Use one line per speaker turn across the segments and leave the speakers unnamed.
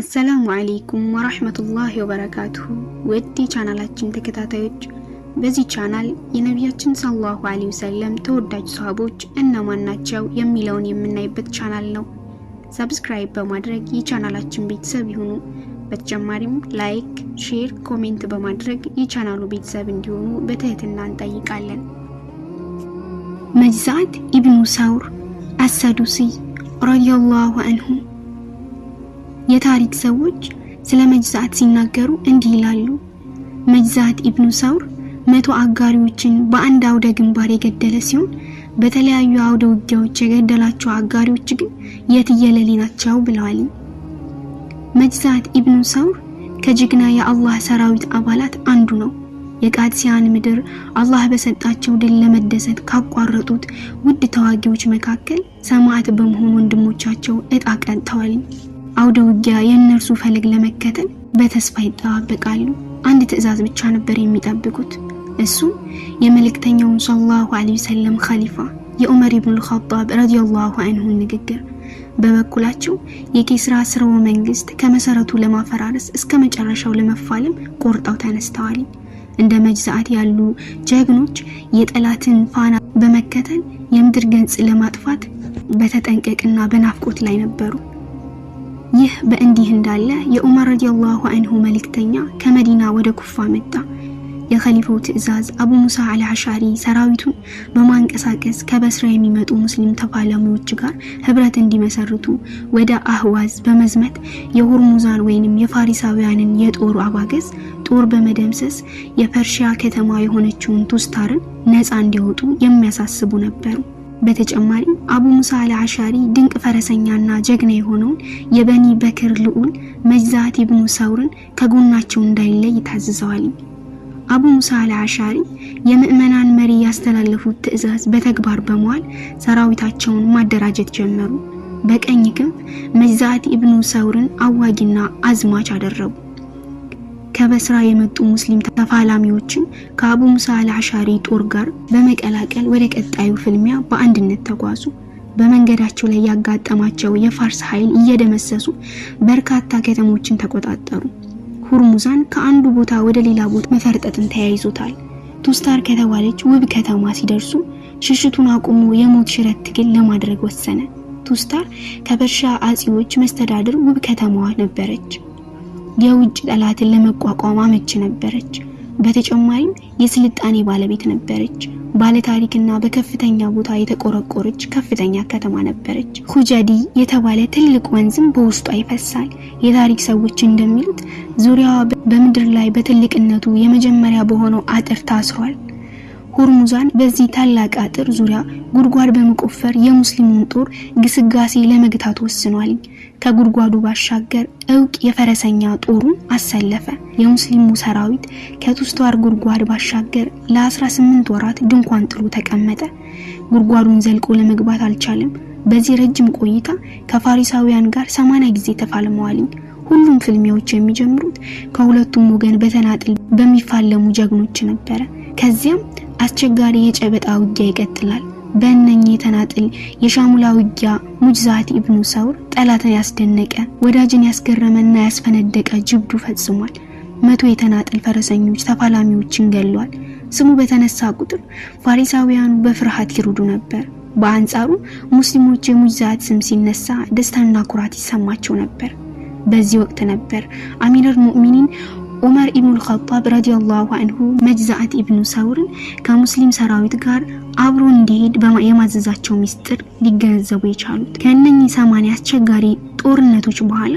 አሰላሙ አለይኩም ወራህመቱላሂ ወበረካቱሁ ውድ የቻናላችን ተከታታዮች፣ በዚህ ቻናል የነቢያችን ሰለላሁ ዐለይሂ ወሰለም ተወዳጅ ሰሃቦች እነማን ናቸው የሚለውን የምናይበት ቻናል ነው። ሰብስክራይብ በማድረግ የቻናላችን ቤተሰብ ይሁኑ። በተጨማሪም ላይክ፣ ሼር፣ ኮሜንት በማድረግ የቻናሉ ቤተሰብ እንዲሆኑ በትህትና እንጠይቃለን። መጅዛዕት ኢብኑ ሰውር አሰዱሲ ረዲየላሁ አንሁ የታሪክ ሰዎች ስለ መጅዛት ሲናገሩ እንዲህ ይላሉ። መጅዛት ኢብኑ ሰውር መቶ አጋሪዎችን በአንድ አውደ ግንባር የገደለ ሲሆን በተለያዩ አውደ ውጊያዎች የገደላቸው አጋሪዎች ግን የትየለሌ ናቸው ብለዋል። መጅዛት ኢብኑ ሰውር ከጀግና የአላህ ሰራዊት አባላት አንዱ ነው። የቃድሲያን ምድር አላህ በሰጣቸው ድል ለመደሰት ካቋረጡት ውድ ተዋጊዎች መካከል ሰማዕት በመሆን ወንድሞቻቸው እጣ ቀንተዋል። አውደ ውጊያ የእነርሱ ፈለግ ለመከተል በተስፋ ይጠባበቃሉ። አንድ ትዕዛዝ ብቻ ነበር የሚጠብቁት። እሱም የመልእክተኛውን ሰለላሁ ዐለይሂ ወሰለም ኸሊፋ የዑመር ኢብኑል ኸጣብ ረዲየላሁ አንሁን ንግግር። በበኩላቸው የኬስራ ስርወ መንግስት ከመሰረቱ ለማፈራረስ እስከ መጨረሻው ለመፋለም ቆርጠው ተነስተዋል። እንደ መጅዛአት ያሉ ጀግኖች የጠላትን ፋና በመከተል የምድር ገጽ ለማጥፋት በተጠንቀቅና በናፍቆት ላይ ነበሩ። ይህ በእንዲህ እንዳለ የዑመር ረዲየላሁ አንሁ መልእክተኛ ከመዲና ወደ ኩፋ መጣ። የኸሊፋው ትዕዛዝ አቡ ሙሳ አልአሻሪ ሰራዊቱን በማንቀሳቀስ ከበስራ የሚመጡ ሙስሊም ተፋላሚዎች ጋር ህብረት እንዲመሰርቱ ወደ አህዋዝ በመዝመት የሆርሙዛን ወይንም የፋሪሳውያንን የጦር አባገዝ ጦር በመደምሰስ የፐርሺያ ከተማ የሆነችውን ቱስታርን ነፃ እንዲያወጡ የሚያሳስቡ ነበሩ። በተጨማሪም አቡ ሙሳ አልአሻሪ ድንቅ ፈረሰኛና ጀግና የሆነውን የበኒ በክር ልዑል መጅዛት ኢብኑ ሰውርን ከጎናቸው እንዳይለይ ታዝዘዋል። አቡ ሙሳ አልአሻሪ የምዕመናን መሪ ያስተላለፉት ትዕዛዝ በተግባር በመዋል ሰራዊታቸውን ማደራጀት ጀመሩ። በቀኝ ክንፍ መጅዛት ኢብኑ ሰውርን አዋጊና አዝማች አደረጉ። ከበስራ የመጡ ሙስሊም ተፋላሚዎችን ከአቡ ሙሳ አልአሻሪ ጦር ጋር በመቀላቀል ወደ ቀጣዩ ፍልሚያ በአንድነት ተጓዙ። በመንገዳቸው ላይ ያጋጠማቸው የፋርስ ኃይል እየደመሰሱ በርካታ ከተሞችን ተቆጣጠሩ። ሁርሙዛን ከአንዱ ቦታ ወደ ሌላ ቦታ መፈርጠጥን ተያይዞታል። ቱስታር ከተባለች ውብ ከተማ ሲደርሱ ሽሽቱን አቁሞ የሞት ሽረት ትግል ለማድረግ ወሰነ። ቱስታር ከበርሻ አጼዎች መስተዳድር ውብ ከተማዋ ነበረች። የውጭ ጠላትን ለመቋቋም አመች ነበረች። በተጨማሪም የስልጣኔ ባለቤት ነበረች። ባለታሪክና በከፍተኛ ቦታ የተቆረቆረች ከፍተኛ ከተማ ነበረች። ሁጀዲ የተባለ ትልቅ ወንዝም በውስጧ ይፈሳል። የታሪክ ሰዎች እንደሚሉት ዙሪያዋ በምድር ላይ በትልቅነቱ የመጀመሪያ በሆነው አጥር ታስሯል። ሆርሙዛን በዚህ ታላቅ አጥር ዙሪያ ጉድጓድ በመቆፈር የሙስሊሙን ጦር ግስጋሴ ለመግታት ወስኗል። ከጉድጓዱ ባሻገር እውቅ የፈረሰኛ ጦሩን አሰለፈ። የሙስሊሙ ሰራዊት ከቱስቷር ጉድጓድ ባሻገር ለ18 ወራት ድንኳን ጥሎ ተቀመጠ። ጉድጓዱን ዘልቆ ለመግባት አልቻለም። በዚህ ረጅም ቆይታ ከፋሪሳውያን ጋር 80 ጊዜ ተፋልመዋል። ሁሉም ፍልሚያዎች የሚጀምሩት ከሁለቱም ወገን በተናጥል በሚፋለሙ ጀግኖች ነበረ። ከዚያም አስቸጋሪ የጨበጣ ውጊያ ይቀጥላል። በእነኚህ የተናጥል የሻሙላ ውጊያ ሙጅዛት ኢብኑ ሰውር ጠላትን ያስደነቀ ወዳጅን ያስገረመና ያስፈነደቀ ጅብዱ ፈጽሟል። መቶ የተናጥል ፈረሰኞች ተፋላሚዎችን ገሏል። ስሙ በተነሳ ቁጥር ፋሪሳውያኑ በፍርሃት ይሩዱ ነበር። በአንጻሩ ሙስሊሞች የሙጅዛት ስም ሲነሳ ደስታና ኩራት ይሰማቸው ነበር። በዚህ ወቅት ነበር አሚረል ሙእሚኒን ዑመር ኢብኑል ኸጣብ ረዲየላሁ አንሁ መጅዛዕት ኢብኑ ሰውርን ከሙስሊም ሰራዊት ጋር አብሮ እንዲሄድ የማዘዛቸው ሚስጥር ሊገነዘቡ የቻሉት ከእነኚህ ሰማኒ አስቸጋሪ ጦርነቶች በኋላ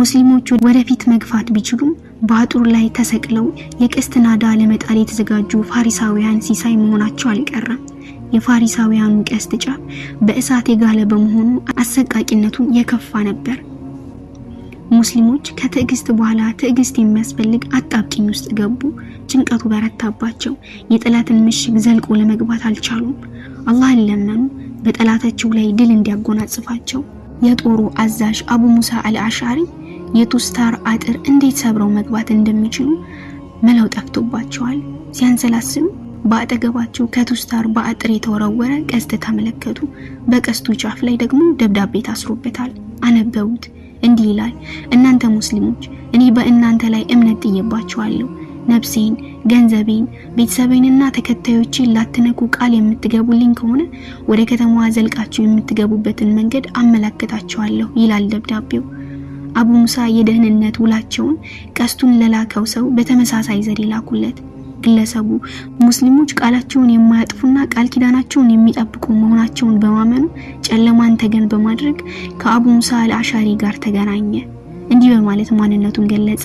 ሙስሊሞች ወደፊት መግፋት ቢችሉም በአጡር ላይ ተሰቅለው የቀስት ናዳ ለመጣል የተዘጋጁ ፋሪሳውያን ሲሳይ መሆናቸው አልቀረም። የፋሪሳውያኑ ቀስት ጫፍ በእሳት የጋለ በመሆኑ አሰቃቂነቱ የከፋ ነበር። ሙስሊሞች ከትዕግስት በኋላ ትዕግስት የሚያስፈልግ አጣብቂኝ ውስጥ ገቡ። ጭንቀቱ በረታባቸው። የጠላትን ምሽግ ዘልቆ ለመግባት አልቻሉም። አላህን ለመኑ፣ በጠላታቸው ላይ ድል እንዲያጎናጽፋቸው። የጦሩ አዛዥ አቡ ሙሳ አልአሻሪ የቱስታር አጥር እንዴት ሰብረው መግባት እንደሚችሉ መላው ጠፍቶባቸዋል። ሲያንሰላስሉ በአጠገባቸው ከቱስታር በአጥር የተወረወረ ቀስት ተመለከቱ። በቀስቱ ጫፍ ላይ ደግሞ ደብዳቤ ታስሮበታል። አነበቡት። እንዲህ ይላል፣ እናንተ ሙስሊሞች እኔ በእናንተ ላይ እምነት ጥዬባችኋለሁ። ነፍሴን፣ ገንዘቤን፣ ቤተሰቤንና ተከታዮቼን ላትነኩ ቃል የምትገቡልኝ ከሆነ ወደ ከተማዋ ዘልቃችሁ የምትገቡበትን መንገድ አመላክታችኋለሁ ይላል ደብዳቤው። አቡ ሙሳ የደህንነት ውላቸውን ቀስቱን ለላከው ሰው በተመሳሳይ ዘዴ ላኩለት። ግለሰቡ ሙስሊሞች ቃላቸውን የማያጥፉና ቃል ኪዳናቸውን የሚጠብቁ መሆናቸውን በማመኑ ጨለማን ተገን በማድረግ ከአቡ ሙሳ አልአሻሪ ጋር ተገናኘ። እንዲህ በማለት ማንነቱን ገለጸ።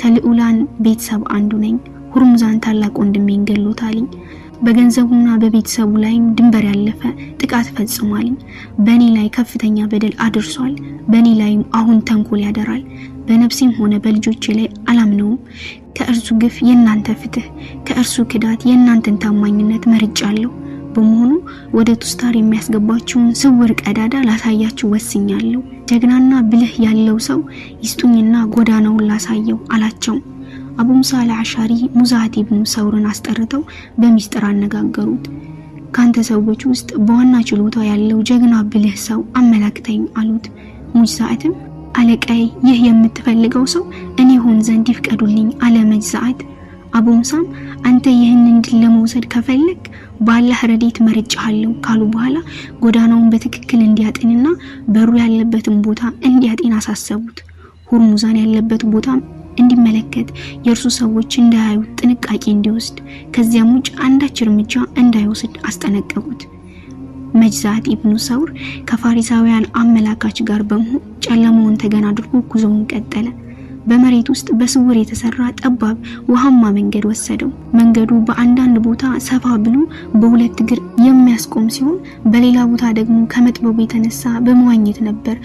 ከልዑላን ቤተሰብ አንዱ ነኝ። ሁርሙዛን ታላቅ ወንድሜን ገሎታልኝ። በገንዘቡና በቤተሰቡ ላይም ድንበር ያለፈ ጥቃት ፈጽሟል። በእኔ ላይ ከፍተኛ በደል አድርሷል። በእኔ ላይም አሁን ተንኮል ያደራል። በነፍሴም ሆነ በልጆቼ ላይ አላምነውም። ከእርሱ ግፍ የእናንተ ፍትህ፣ ከእርሱ ክዳት የእናንተን ታማኝነት መርጫለሁ። በመሆኑ ወደ ቱስታር የሚያስገባችውን ስውር ቀዳዳ ላሳያችሁ ወስኛለሁ። ጀግናና ብልህ ያለው ሰው ይስጡኝና ጎዳናውን ላሳየው አላቸው። አቡ ሙሳ አልአሻሪ ሙዛቲ ኢብኑ ሰውርን አስጠርተው በሚስጥር አነጋገሩት። ካንተ ሰዎች ውስጥ በዋና ችሎታ ያለው ጀግና ብልህ ሰው አመላክተኝ አሉት። ሙጅዛአትም አለቀይ ይህ የምትፈልገው ሰው እኔ ሆን ዘንድ ይፍቀዱልኝ አለ መጅዛዕት። አቡ ሙሳም አንተ ይህን እንድል ለመውሰድ ከፈለግ ባላህ ረዴት መርጫሃለሁ ካሉ በኋላ ጎዳናውን በትክክል እንዲያጤንና በሩ ያለበትን ቦታ እንዲያጤን አሳሰቡት። ሁርሙዛን ያለበት ቦታም እንዲመለከት የእርሱ ሰዎች እንዳያዩ ጥንቃቄ እንዲወስድ ከዚያም ውጭ አንዳች እርምጃ እንዳይወስድ አስጠነቀቁት። መጅዛት ኢብኑ ሰውር ከፋሪሳውያን አመላካች ጋር በመሆን ጨለማውን ተገን አድርጎ ጉዞውን ቀጠለ። በመሬት ውስጥ በስውር የተሰራ ጠባብ ውሃማ መንገድ ወሰደው። መንገዱ በአንዳንድ ቦታ ሰፋ ብሎ በሁለት እግር የሚያስቆም ሲሆን፣ በሌላ ቦታ ደግሞ ከመጥበቡ የተነሳ በመዋኘት ነበር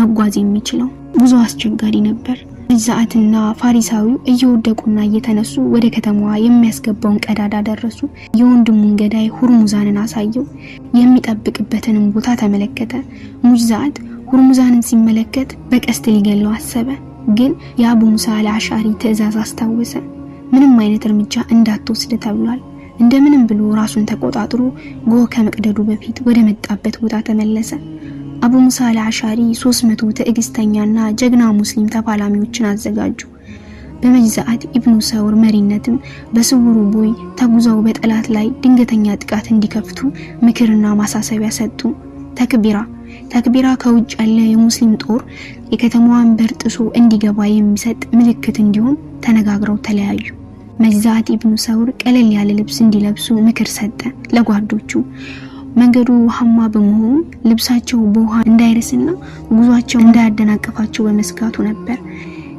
መጓዝ የሚችለው። ጉዞ አስቸጋሪ ነበር። ሪዛአትና ፋሪሳዊው እየወደቁና እየተነሱ ወደ ከተማዋ የሚያስገባውን ቀዳዳ ደረሱ። የወንድሙን ገዳይ ሁርሙዛንን አሳየው። የሚጠብቅበትንም ቦታ ተመለከተ። ሙጅዛአት ሁርሙዛንን ሲመለከት በቀስት ሊገለው አሰበ። ግን የአቡ ሙሳ አልአሻሪ ትዕዛዝ አስታወሰ። ምንም አይነት እርምጃ እንዳትወስድ ተብሏል። እንደምንም ብሎ ራሱን ተቆጣጥሮ ጎህ ከመቅደዱ በፊት ወደ መጣበት ቦታ ተመለሰ። አቡ ሙሳ አልአሻሪ 300 ትዕግስተኛና ጀግና ሙስሊም ተፋላሚዎችን አዘጋጁ። በመጅዛአት ኢብኑ ሰውር መሪነትም በስውሩ ቦይ ተጉዘው በጠላት ላይ ድንገተኛ ጥቃት እንዲከፍቱ ምክርና ማሳሰቢያ ሰጡ። ተክቢራ ተክቢራ ከውጭ ያለ የሙስሊም ጦር የከተማዋን በር ጥሶ እንዲገባ የሚሰጥ ምልክት እንዲሆን ተነጋግረው ተለያዩ። መጅዛአት ኢብኑ ሰውር ቀለል ያለ ልብስ እንዲለብሱ ምክር ሰጠ ለጓዶቹ። መንገዱ ውሃማ በመሆኑ ልብሳቸው በውሃ እንዳይረስና ጉዟቸው እንዳያደናቀፋቸው በመስጋቱ ነበር።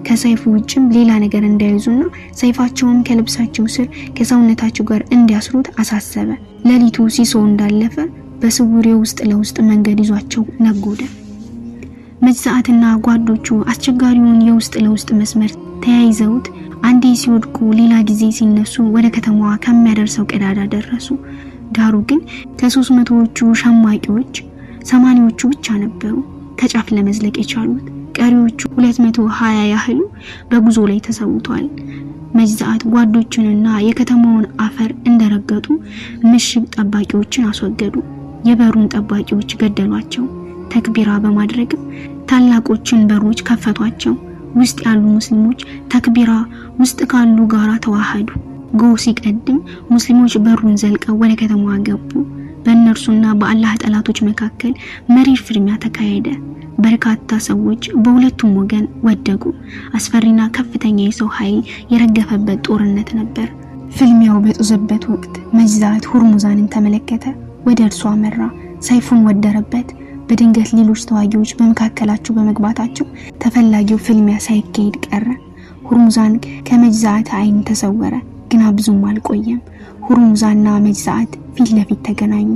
ከሰይፉ ውጭም ሌላ ነገር እንዳይዙና ሰይፋቸውም ከልብሳቸው ስር ከሰውነታቸው ጋር እንዲያስሩት አሳሰበ። ሌሊቱ ሲሶ እንዳለፈ በስውሬ ውስጥ ለውስጥ መንገድ ይዟቸው ነጎደ። መች ጓዶቹ አስቸጋሪውን የውስጥ ለውስጥ መስመር ተያይዘውት አንዴ ሲወድቁ ሌላ ጊዜ ሲነሱ ወደ ከተማዋ ከሚያደርሰው ቀዳዳ ደረሱ። ዳሩ ግን ከሶስት መቶዎቹ ሸማቂዎች ሰማኒዎቹ ብቻ ነበሩ ከጫፍ ለመዝለቅ የቻሉት። ቀሪዎቹ 220 ያህሉ በጉዞ ላይ ተሰውቷል። መዛት ጓዶቹንና የከተማውን አፈር እንደረገጡ ምሽግ ጠባቂዎችን አስወገዱ። የበሩን ጠባቂዎች ገደሏቸው። ተክቢራ በማድረግም ታላቆችን በሮች ከፈቷቸው። ውስጥ ያሉ ሙስሊሞች ተክቢራ ውስጥ ካሉ ጋራ ተዋሃዱ። ጎህ ሲቀድም ሙስሊሞች በሩን ዘልቀው ወደ ከተማዋ ገቡ። በእነርሱና በአላህ ጠላቶች መካከል መሪር ፍልሚያ ተካሄደ። በርካታ ሰዎች በሁለቱም ወገን ወደቁ። አስፈሪና ከፍተኛ የሰው ኃይል የረገፈበት ጦርነት ነበር። ፍልሚያው በጦዘበት ወቅት መጅዛት ሁርሙዛንን ተመለከተ። ወደ እርሱ አመራ፣ ሰይፉን ወደረበት። በድንገት ሌሎች ተዋጊዎች በመካከላቸው በመግባታቸው ተፈላጊው ፍልሚያ ሳይካሄድ ቀረ። ሁርሙዛን ከመጅዛት አይን ተሰወረ። ግና ብዙም አልቆየም። ሁሩምዛና መጅዛአት ፊት ለፊት ተገናኙ።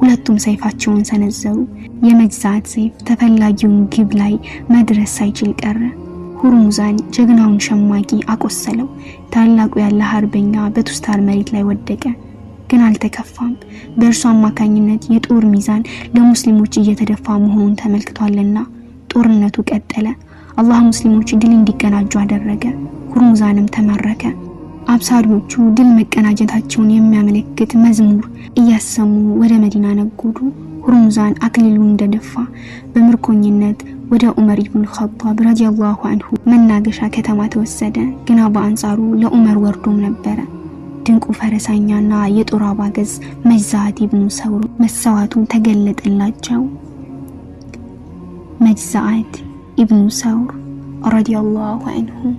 ሁለቱም ሰይፋቸውን ሰነዘሩ። የመጅዛአት ሰይፍ ተፈላጊውን ግብ ላይ መድረስ ሳይችል ቀረ። ሁሩምዛን ጀግናውን ሸማቂ አቆሰለው። ታላቁ ያለ ሀርበኛ በቱስታር መሬት ላይ ወደቀ፣ ግን አልተከፋም። በእርሱ አማካኝነት የጦር ሚዛን ለሙስሊሞች እየተደፋ መሆኑን ተመልክቷልና ጦርነቱ ቀጠለ። አላህ ሙስሊሞች ድል እንዲገናጁ አደረገ። ሁሩምዛንም ተመረከ!። አብሳሪዎቹ ድል መቀናጀታቸውን የሚያመለክት መዝሙር እያሰሙ ወደ መዲና ነጎዱ። ሁርሙዛን አክሊሉን እንደደፋ በምርኮኝነት ወደ ዑመር ኢብኑል ኸጣብ ረዲየላሁ አንሁ መናገሻ ከተማ ተወሰደ። ግና በአንጻሩ ለዑመር ወርዶም ነበረ። ድንቁ ፈረሳኛና የጦር አባገዝ መጅዛት ኢብኑ ሰውር መሰዋቱ ተገለጠላቸው። መጅዛት ኢብኑ ሰውር ረዲየላሁ አንሁ